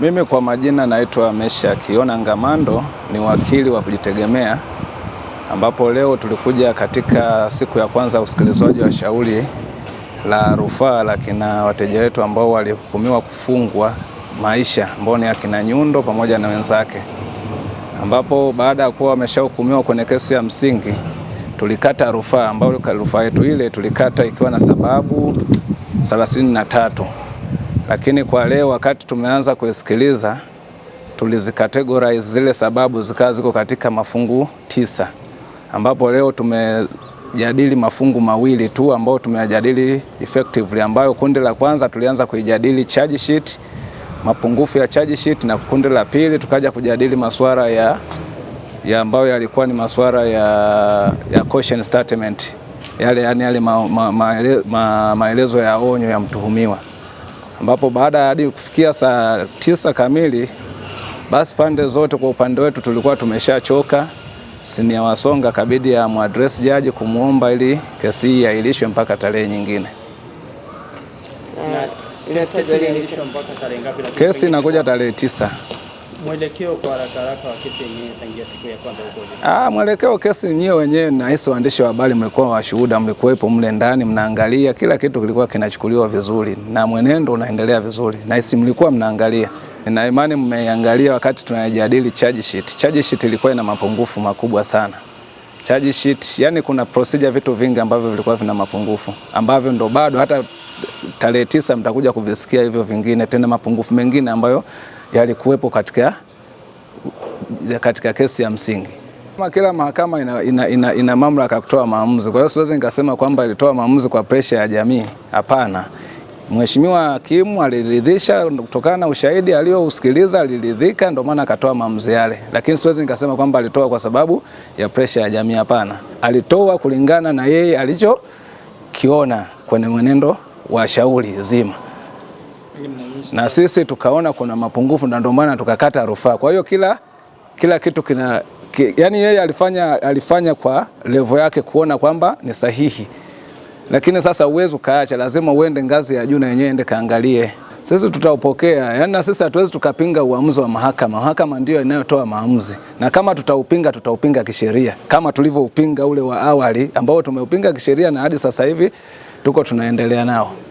Mimi kwa majina naitwa mesha Kiona Ngamando, ni wakili wa kujitegemea ambapo leo tulikuja katika siku ya kwanza usikilizwaji wa shauri la rufaa la kina wateja wetu ambao walihukumiwa kufungwa maisha ambao ni akina Nyundo pamoja na wenzake, ambapo baada ya kuwa wameshahukumiwa kwenye kesi ya msingi tulikata rufaa, ambayo rufaa yetu ile tulikata ikiwa na sababu thelathini na tatu. Lakini kwa leo wakati tumeanza kusikiliza, tulizikategorize zile sababu zikawa ziko katika mafungu tisa, ambapo leo tumejadili mafungu mawili tu ambayo tumejadili effectively, ambayo kundi la kwanza tulianza kuijadili charge sheet, mapungufu ya charge sheet, na kundi la pili tukaja kujadili masuala ya ya ambayo yalikuwa ni masuala ya, ya caution statement yale, yani yale maelezo ma, ma, ma, ma ya onyo ya mtuhumiwa ambapo baada ya hadi kufikia saa tisa kamili, basi pande zote kwa upande wetu tulikuwa tumeshachoka ya Wasonga kabidi ya mwadres jaji kumwomba ili kesi hii iahirishwe mpaka tarehe nyingine. Eh, kesi inakuja tarehe tisa. Mwelekeo kwa haraka haraka wa kesi yenyewe tangia siku ya kwanza huko. Ah, mwelekeo kesi yenyewe wenyewe na hisi waandishi wa habari mlikuwa washuhuda, mlikuwepo mle ndani mnaangalia kila kitu kilikuwa kinachukuliwa vizuri na mwenendo unaendelea vizuri. Na hisi mlikuwa mnaangalia. na imani mmeangalia wakati tunajadili charge sheet. Charge sheet ilikuwa ina mapungufu makubwa sana. Charge sheet, yani kuna procedure vitu vingi ambavyo vilikuwa vina mapungufu ambavyo ndo bado hata tarehe tisa mtakuja kuvisikia hivyo vingine tena mapungufu mengine ambayo yalikuwepo katika, katika kesi ya msingi. Kama kila mahakama ina, ina, ina, ina mamlaka ya kutoa maamuzi, kwa hiyo siwezi nikasema kwamba ilitoa maamuzi kwa presha ya jamii. Hapana, Mheshimiwa hakimu aliridhisha kutokana na ushahidi aliyousikiliza, aliridhika, ndio maana akatoa maamuzi yale, lakini siwezi nikasema kwamba alitoa kwa sababu ya presha ya jamii. Hapana, alitoa kulingana na yeye alichokiona kwenye mwenendo wa shauri zima na sisi tukaona kuna mapungufu na ndio maana tukakata rufaa. Kwa hiyo kila, kila kitu kina ki, yani yeye alifanya, alifanya kwa levo yake kuona kwamba ni sahihi, lakini sasa uwezi ukaacha, lazima uende ngazi ya juu na yenyewe ende kaangalie. Sisi tutaupokea, yani na sisi hatuwezi tukapinga uamuzi wa mahakama. Mahakama ndio inayotoa maamuzi, na kama tutaupinga, tutaupinga kisheria kama tulivyoupinga ule wa awali ambao tumeupinga kisheria na hadi sasa hivi tuko tunaendelea nao.